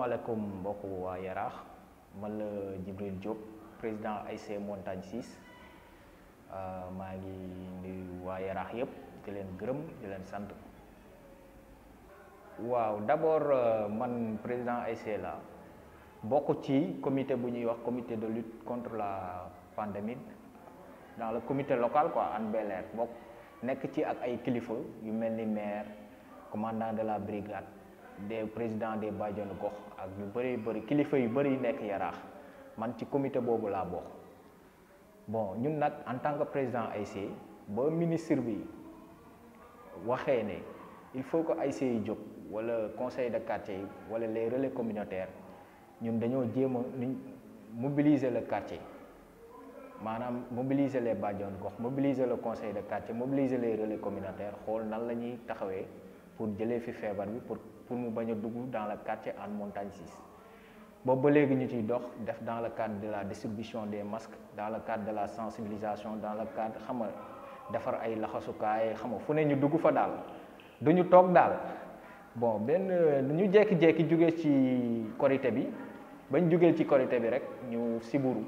Assalamualaikum mbokk waa Yaraax jibril job Djibril Diop président ASC Montagne 6 ah, maa ngi nuyu waa Yaraax di di sant waaw d'abord ah, man président ASC la bokk ci comité bu ñuy wax comité de lutte contre la pandémie dans le comité local quoi Hann Bel-Air bokk nekk ci ak ay kilifa yu maire commandant de la brigade des présidents des bàjjenu gox ak ñu bëri bëri kilifa yu bëri nekk man ci comité boobu la bokk bon ñun nag en tant que président AIC bo ministre bi waxee ne il faut que AIC yi jóg wala conseil de quartier yi wala les relais communautaires ñun devons jéem mobiliser le quartier Manam mobiliser les bàjjenu gox mobiliser le conseil de quartier mobiliser les relais communautaires xool nan la ñuy pour jëlee fi feebar pour pour nous baigner a dans le quartier en montagne 6 bon ba léegi ñu ciy dox def dans le cadre de la distribution des masques dans le cadre de la sensibilisation dans le cadre xama defar ay laxasukaay xama nous ne ñu dugg fa daal du ñu toog daal bon benn ñu jekki-jekki jóge ci korité bi bañ jógee ci korité bi rek ñu siburu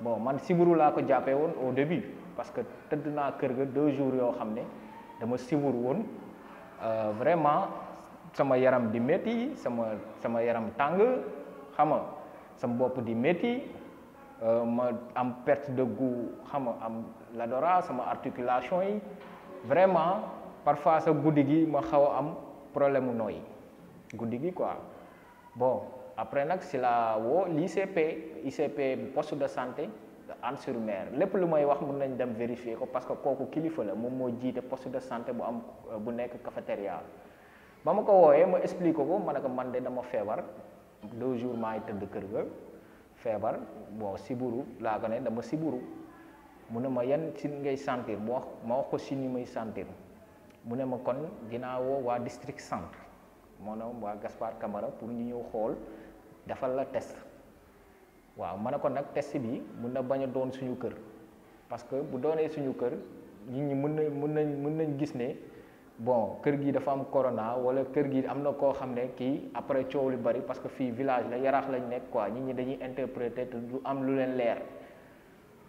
bon man siburu la ko jàppee woon au début parce que tëdd naa kër ga deux jours yo xamné dama siburu won Eh, vraiment sama yaram di métti sama sama yaram tàng xam sama bopp di métti eh, ma am perte de goût xam nga am l'odorat sama articulation yi vraiment parfois sa guddi gi ma xaw a am problème mu nooy guddi gi quoi bon après nag si la woo l'ICP ICP poste de santé Hann sur lépp lu may wax mun nañ dem vérifier ko parce que kooku kilifa la moom moo jiite poste de santé bu am bu nekk cafétéria ba ma ko wooyee ma explique ko ma ne ko man de dama feebar deux jour maa ngi tëdd kër ga feebar bon siburu laa ko ne dama siburu mu ne ma yan si ngay sentir ma wax ma wax ko si ni may santir mu ne ma kon dinaa woo waa district centre moo ne waa Gaspard Camara pour ñu ñëw xool defal la test waaw mana ne ko nag test bi mun na bañ a doon suñu kër parce que bu doonee suñu kër nit ñi mën gis bon kër gi dafa am corona wala kër gi am na koo xam après coow lu bari parce que fii village la yaraax lañ nekk quoi nit ñi dañuy interpréter du am lu leen leer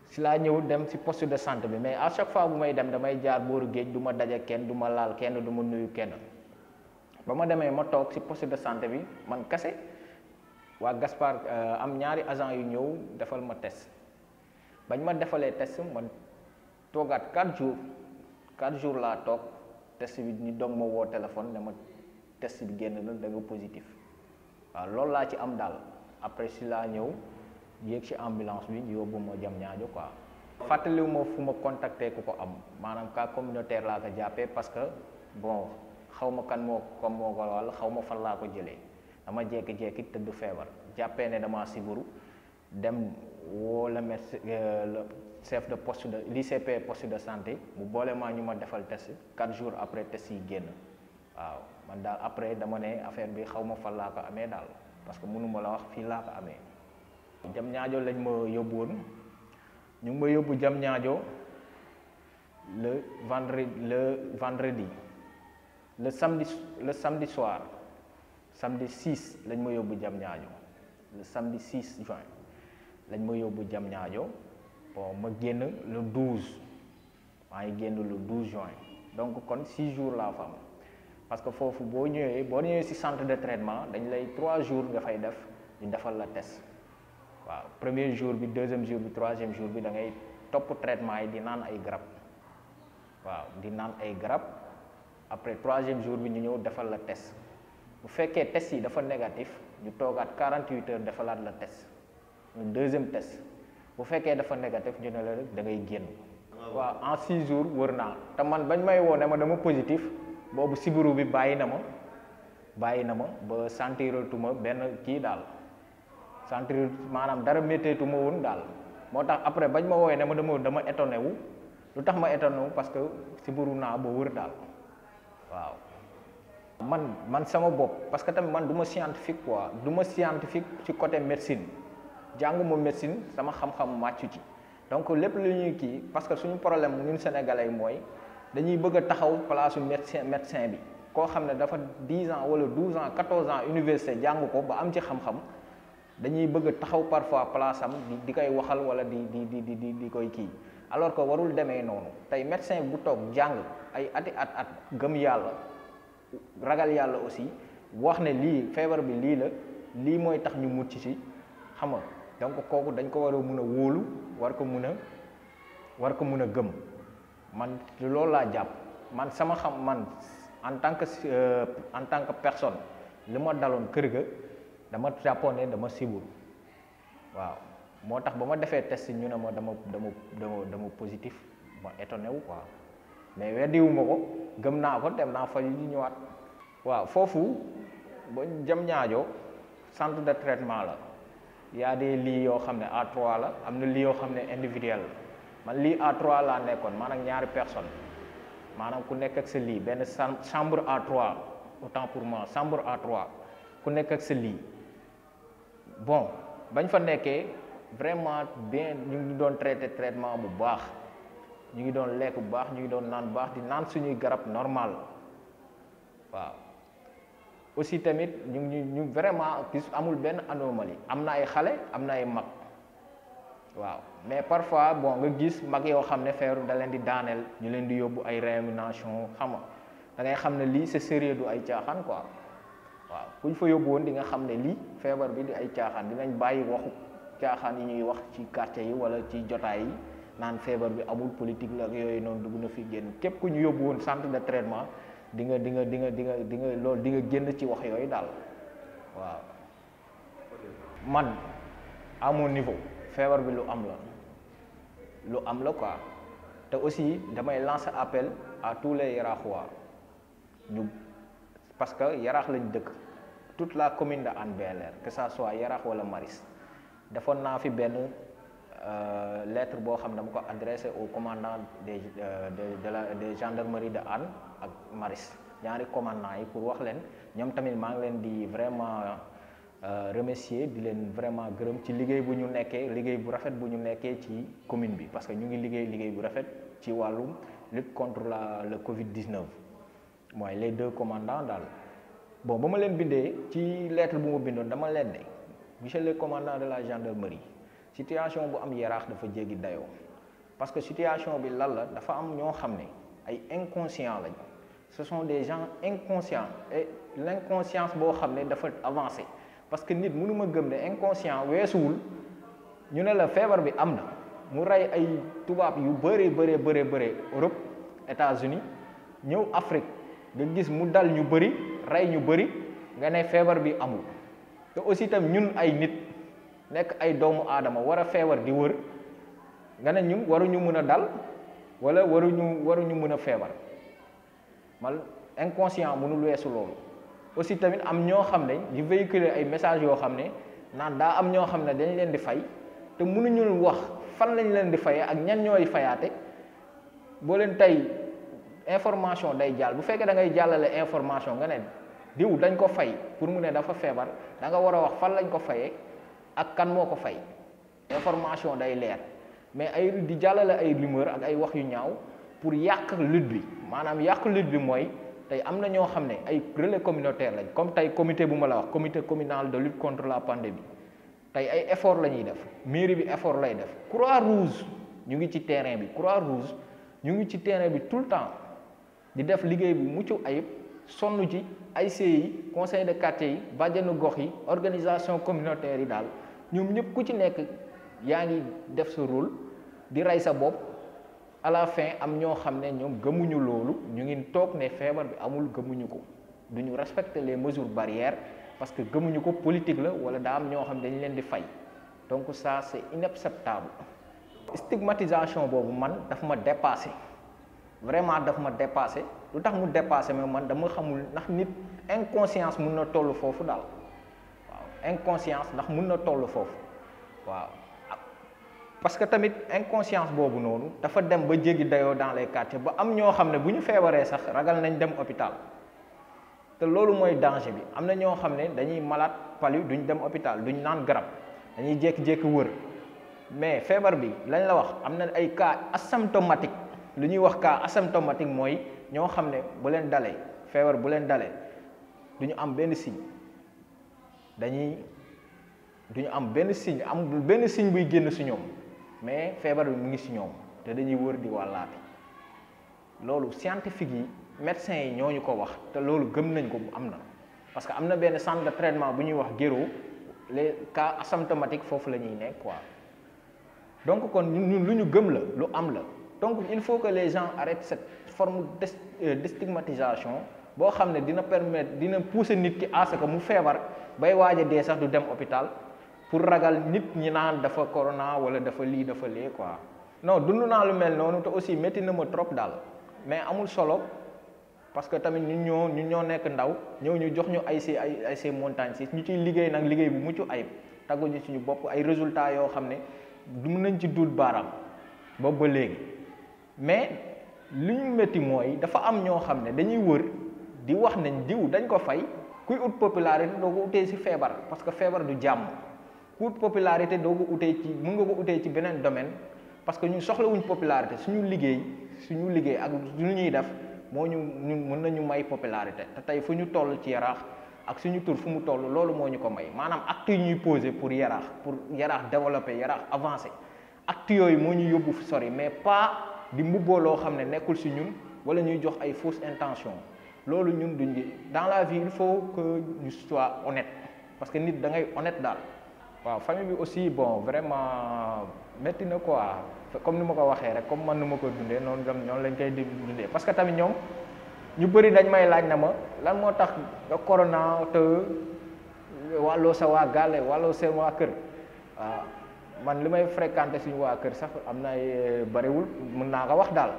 si laa ñëw dem si poste de santé bi mais à chaque fois bu may dem damay jaar booru géej du ma kenn laal kenn nuyu kenn ba ma ma si poste de santé bi man kase waa Gaspard euh, am ñaari agent yu ñëw defal ma test bañ ma defalee test ma toogaat 4 jours 4 jours laa toog test bi ñu doog ma woo téléphone ne ma test bi génn la da nga positif waaw loolu laa ci am daal après si laa ñëw yéeg ci ambulance bi ñu yóbbu ma jam ñaajo quoi fàttaliwu ma fu ma contacté ku ko am maanaam cas communautaire laa ko jàppee parce que bon xaw ma kan moo ko moo ko wàll xaw ma fan laa ko jëlee dama jékki-jékki tëdd feebar jàppee ne dama siburu dem woo la médecin euh, le chef de poste de l'ICP poste de santé mu boole maa ñu ma defal test quatre jours après test yi génn waaw man daal après dama ne affaire bi xaw ma fan laa ko amee daal parce que mënuma la wax fii laa ko amee. jam ñaajo lañ ma yóbbu woon ñu ngi ma yóbbu jam ñaajo le vendredi le vendredi le samedi le samedi soir. samedi 6 lañ ma yóbbu jam ñaajo le samedi 6 juin lañ ma yóbbu jam ñaajo bon ma génn le 12 maa ngi génn lu 12 juin donc kon 6 jours laa fa am parce que foofu boo ñëwee boo ñëwee ci centre de traitement dañ lay trois jours nga fay def ñu defal la test waaw premier jour bi deuxième jour bi troisième jour bi dangay topp traitement yi di naan ay garab waaw di naan ay garab après troisième jour bi ñu ñëw defal la test. bu fekkee test yi dafa négatif ñu toogaat 48 heures defalaat la test un deuxième test bu fekkee dafa négatif ñu ne la rek da ngay génn ah, waaw en 6 jours wër naa man bañ may woo ne ma dama positif boobu sibiru bi bàyyi na ma bàyyi na ma ba sentiratuma benn kii daal sentir maanaam dara métteetuma woon daal moo tax après bañ ma woowee ne ma dama dama étonné wu lu tax ma étonné wu parce que sibiru naa ba wër daal waaw man man sama bopp parce que tamit man du ma scientifique quoi du ma scientifique ci côté médecine jànguma médecine sama xam-xam màccu ci donc lépp lu ñuy kii parce que suñu problème ñun sénégalais mooy dañuy bëgg a taxaw place médecin médecin bi koo xam ne dafa 10 ans wala 12 ans 14 ans université jàng ko ba am ci xam-xam dañuy bëgg taxaw parfois place am di di koy waxal wala di di di di di koy kii alors ko warul demee noonu tey médecin bu toog jàng ay ati at at gëm yàlla. ragal yàlla aussi wax ne li feebar bi li la lii mooy tax ñu mucc si xam nga donc kooku dañ ko war muna wolu a wóolu war ko mun war ko mun gëm man loolu laa jàpp man sama xam man en tant que euh, en tant que personne li ma kër ga dama ne dama sibul waaw moo tax ba ma defee test ñu ne ma dama dama dama dama positif ba étonné wu quoi mais weddiwuma ko gëm naa ko dem naa faju ñu ñëwaat waaw foofu ba jam ñaajo centre de traitement la y a des lits yoo xam ne a trois la am na lii yoo xam ne individuel la man lii a trois laa nekkoon man ak ñaari personne maanaam ku nekk ak sa lii benn chambre A3 autant pour moi chambre a trois ku nekk ak sa lii bon bañ fa nekkee vraiment bien ñu ngi doon traité traitement bu baax ñu ngi doon lekk bu baax ñu ngi doon naan baax di naan suñuy garab normal waaw aussi tamit ñu ñu ñu vraiment gis amul benn anomalie am na ay xale am na ay mag waaw mais parfois bon nga gis mag yoo xam ne feeru da leen di daaneel ñu leen di yóbbu ay réanimation xam nga da ngay xam ne lii c'est sérieux du ay caaxaan quoi waaw kuñ fa yóbbu woon di nga xam ne lii feebar bi di ay caaxaan dinañ bàyyi waxu caaxaan yi ñuy wax ci quartier yi wala ci jotaay yi Nan feebar bi amul politique la ak yooyu du dugg na fi génn képp ku ñu yóbbu centre de traitement di nga di nga di nga di nga di nga loolu di nga génn ci wax yooyu dal waaw man amu niveau feebar bi lu am la lu am la quoi te aussi damay lancer appel à tous les yaraaxuwaa ñu parce que yaraax lañ dëkk toute la commune de Hann que ça soit wala maris fi benn Euh, lettre boo xam ne dama ko adressé au commandant des euh, de la des gendarmeries de Hann ak Maris ñaari commandant yi pour wax leen ñoom tamit maa ngi leen di vraiment euh, remercier di leen vraiment gërëm ci liggéey bu ñu nekkee liggéey bu rafet bu ñu nekkee ci commune bi parce que ñu ngi liggéey liggéey bu rafet ci wàllu lutte contre la le Covid 19 mooy les deux commandants daal bon ba ma leen bindee ci lettre bu ma bindoon dama leen de monsieur le commandant de la gendarmerie. situation bu am yaraax dafa jéggi dayo parce que situation bi lan la dafa am ño xamné ay inconscient lañ ce sont des gens inconscients et l'inconscience bo xamné dafa avancer parce que nit mënu ma gëm né inconscient weesuwul ñu né la fièvre bi amna mu ray ay tubaab yu béré béré béré béré Europe États-Unis ñëw Afrique nga gis mu dal ñu bëri ray ñu bëri nga né fièvre bi amul te aussi tam ñun ay nit. nekk ay doomu aadama war a feebar di wër nga ne ñun waruñu mën a dal wala waruñu waruñu mën a feebar man inconscient mënul weesu loolu aussi tamit am ñoo xam ne di véhiculer ay messages yoo xam ne naan daa am ñoo xam ne dañ leen di fay te mënuñu wax fan lañ leen di fayee ak ñan ñooy fayaate boo leen tey information day jàll bu fekkee da ngay jàllale information nga ne diw dañ ko fay pour mu ne dafa feebar da nga war a wax fan lañ ko fayee ak kan moo ko fay information day leer mais ay di jàllale ay rumeur ak ay wax yu ñaaw pour yàq lutte bi maanaam yàq lutte bi mooy tey am na ñoo xam ne ay relais communautaire lañ comme tey comité bu ma la wax comité communal de lutte contre la bi tey ay effort la ñuy def mairie bi effort lay def croix rouge ñu ngi ci terrain bi croix rouge ñu ngi ci terrain bi tout le temps di def liggéey bu mucc ayib Sonuji, ci conseil de quartier yi bàjjenu yi organisation communautaire yi daal ñoom ñëpp ku ci nek yaangi def sa rôle di rey sa à la fin am ño xamné ñom gëmuñu lolu ñu ngi tok né fièvre bi amul gëmuñu ko du respecter les mesures barrières parce que gëmuñu ko politique la wala da am ño xam dañ leen di fay donc ça c'est inacceptable stigmatisation bobu man daf ma dépasser? vraiment daf ma dépasser? lu mu dépasser mais man dama xamul ndax nit inconscience mun na toll foofu daal waaw inconscience ndax mun na toll foofu waaw parce que tamit inconscience bobu noonu dafa dem ba jéggi dayo dans les quartiers ba am ño xamné buñu bu sax ragal nañ dem hôpital té lolu moy danger bi amna ño xamné dañuy malade palu duñ dem hôpital duñ naan garab dañuy jékki-jékki wër mais feebar bi lañ la wax amna ay cas asymptomatique lu ñuy wax cas asymptomatique mooy ñoo xam ne bu leen dale feebar bu leen dale du ñu am benn signe dañuy du ñu am benn signe am benn signe buy génn si ñoom mais feebar bi mu ngi si ñoom te dañuy wër di wàllaate loolu scientifique yi médecins yi ñoo ñu ko wax te loolu gëm nañ ko am na parce que am na benn centre de traitement bu ñuy wax géro les cas asymptomatiques foofu la ñuy nekk quoi donc kon ñun lu ñu gëm la lu am la. donc il faut que les gens arrêtent cette forme de euh, stigmatisation qui xamné ne dina pousser nit à ce que hôpital pour ragal nit ñi dafa corona wala dafa li dafa lé quoi non nous aussi trop mais amul solo parce que tamit ñun ñoo ñun ñoo ndaw montagnes Nous ñu ci liggéey nous liggéey bu résultats du ci mais li ñu métti mooy dafa am ñoo xam ne dañuy wër di wax nañ diw dañ ko fay kuy ut popularité doo ko utee ci feebar parce que feebar du jàmm ku ut popularité doo ko utee ci mun nga ko utee ci beneen domaine parce que ñun soxlawuñ popularité suñu liggéey suñu liggéey ak lu ñuy def moo ñu ñun mën nañu may popularité te tey fu ñu toll ci yaraax ak suñu tur fu mu toll loolu moo ñu ko may maanaam acte ñuy posé pour yaraax pour yaraax développé yaraax avancé acte yooyu moo ñu yóbbu sori mais pas di mbubboo lo xam nekul ci ñun wala ñuy jox ay fausse intention lolu ñun duñ dans la vie il faut que ñu soit honnête parce que nit da ngay honnête dal waaw famille bi aussi bon vraiment metti na quoi comme ni ma ko waxé rek comme man numa ko dundé non dem ñoom lañ koy dundé parce que tamit ñom ñu bari dañ may laaj na ma lan mo tax nga corona te wàlloo sa waa gàlle wàlloo seen waa kër waaw man li may fréquenté suñu waa kër sax am na euh, bariwul mën naa ko wax daal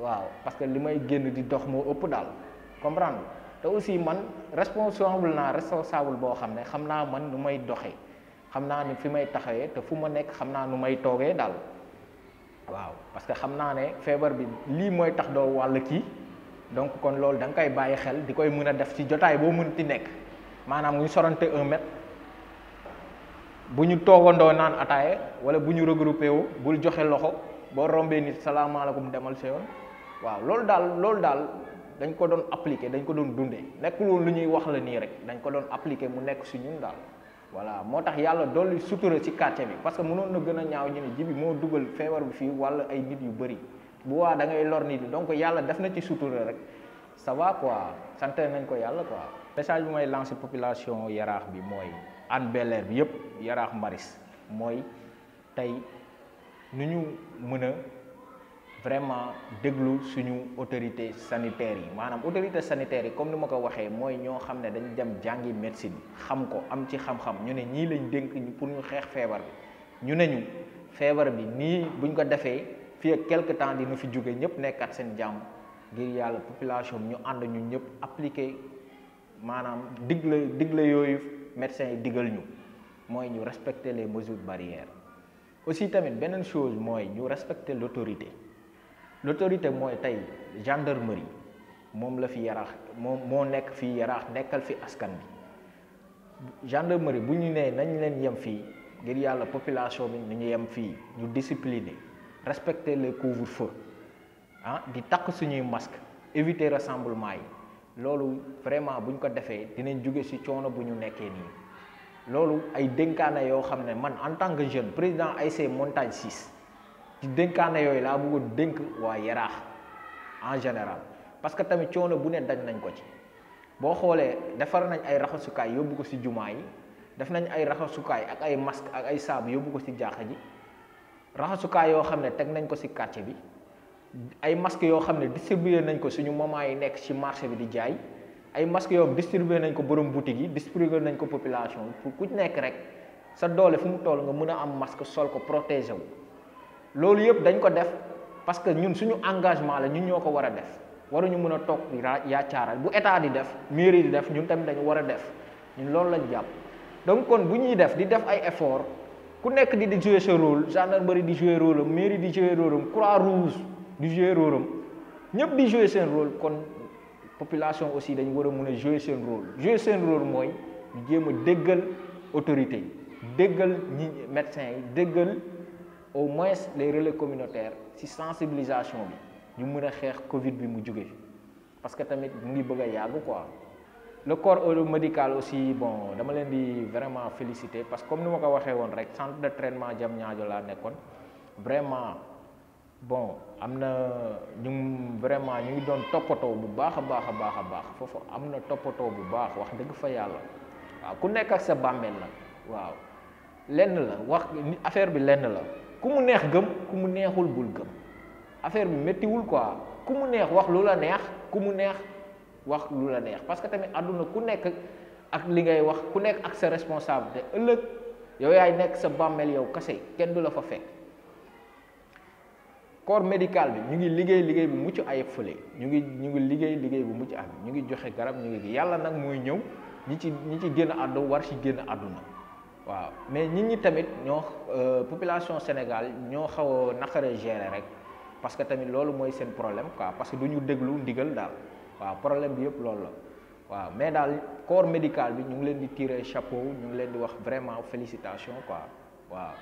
waaw parce que li may génn di dox moo ëpp daal comprendre te aussi man responsable naa responsable boo xam ne xam naa man nu may doxee xam naa ni fi may taxawee te fu ma nekk xam naa nu may toogee daal waaw parce que xam naa ne feebar bi lii mooy tax doo wàll kii donc kon loolu danga koy bàyyi xel di koy mën a def ci jotaay boo mën di nekk maanaam ñu sorante un mètre bu ñu toogandoo naan wala bu ñu regroupé wu bul joxe loxo bo rombe nit salaamaaleykum demal sa yoon waaw loolu daal loolu daal dañ ko don appliqué dañ ko doon dundee nekkul woon lu ñuy wax la nii rek dañ ko doon appliqué mu nek si ñun daal voilà moo tax yàlla dolli sutura ci quartier bi parce que mënoon na gën a ñaaw ñu ne ji bi bi wala ay nit yu bëri bu waa da ngay lor nit yi donc yàlla def na ci sutura rek ça va quoi sante nañ ko yàlla quoi message bi may lancé population yaraax bi mooy Hann bel bi yëpp Yaraax Maris mooy tey nu ñu mën a vraiment déglu suñu autorité sanitaire yi maanaam autorité sanitaire yi comme ni ma ko waxee mooy ñoo xam ne dañu dem jàngi médecine xam ko am ci xam-xam ñu ne ñii lañ dénk ñu pour ñu xeex feebar bi ñu ne ñu feebar bi nii buñ ko defee fii quelque temps dina fi jóge ñëpp nekkaat seen jàmm ngir yàlla population ñu ànd ñu ñëpp appliquer maanaam digle digle yooyu médecins digal ñu respectons les mesures barrières aussi tamit une chose moy ñu respecter l'autorité. L'autorité gendarmerie la fi yarax fi askan bi gendarmerie bu nañ leen population bi respecter le couvre-feu ah di suñuy masque éviter rassemblement loolu vraiment bu ñu ko defee dinañ jóge ci coono bu ñu nekkee nii loolu ay dénkaane yoo xam ne man en tant que jeune président ASC Montagne 6 ci dénkaane yooyu laa bëggoon dénk waa yaraax en général parce que tamit coono bu ne daj nañ ko ci boo xoolee defar nañ ay raxasukaay yóbbu ko ci jumaa yi def nañ ay raxasukaay ak ay masque ak ay saabu yóbbu ko ci jaaxa ji raxasukaay yoo xam ne teg nañ ko ci quartier bi ay masque yoo xam ne nañ ko suñu maman yi nekk ci marché bi di jaay ay masque yoo distribué nañ ko borom boutique yi distribué nañ ko population pour ku nekk rek sa doole fu mu toll nga am masque sol ko protéger wu loolu yëpp dañ ko def parce que ñun suñu engagement la ñun ñoo ko war a def waruñu mën ni toog yaacaaral bu état di def mairie di def ñun tamit dañu wara def ñun loolu lañ jàpp donc kon bu ñuy def di def ay effort ku nekk di di jouer sa rôle gendarmerie di jouer rôle mairie di jouer rôle croix rouge di jouer rôle ñepp ñëpp di jouer sen rôle kon population aussi dañ wara mëna jouer sen rôle jouer sen rôle moy ñu jéem déggal autorité déggal ñi médecins déggal au moins les relais communautaires ci sensibilisation bi ñu mëna a Covid bi mu jóge parce que tamit mu ngi bëgg a quoi. le corps médical aussi bon dama len di vraiment féliciter parce que comme ni ko waxé won rek centre de traitement Diamniadio laa vraiment. bon am na ñu vraiment ñu ngi doon toppatoo bu baax a baax a baax a baax foofu am na toppatoo bu baax wax dëgg fa yàlla waaw ku nekk ak sa bàmmeel nag waaw lenn la wax affaire bi lenn la ku mu neex gëm ku mu neexul bul gëm affaire bi méttiwul quoi ku mu neex wax lu la neex ku mu neex wax lu la neex parce que tamit àdduna ku nekk ak li ngay wax ku nekk ak sa responsabilité ëllëg yow yaay nekk sa bàmmeel yow kase kenn du la fa fekk. corps médical bi ñu ngi liggéey liggéey bu mucc ay fële ñu ngi ñu ngi liggéey liggéey bu mucc ayib ñu ngi joxe garab ñu ngi yàlla nag mooy ñëw ñi ci ñi ci génn àddu war ci génn àdduna waaw mais nit ñi tamit ñoo euh, population Sénégal ñoo xaw a naqare gérer rek parce que tamit loolu mooy seen problème quoi parce que du ñu déglu ndigal daal waaw problème bi yëpp loolu la waaw mais daal corps médical bi ñu ngi leen di tirer chapeau ñu ngi leen di wax vraiment félicitation quoi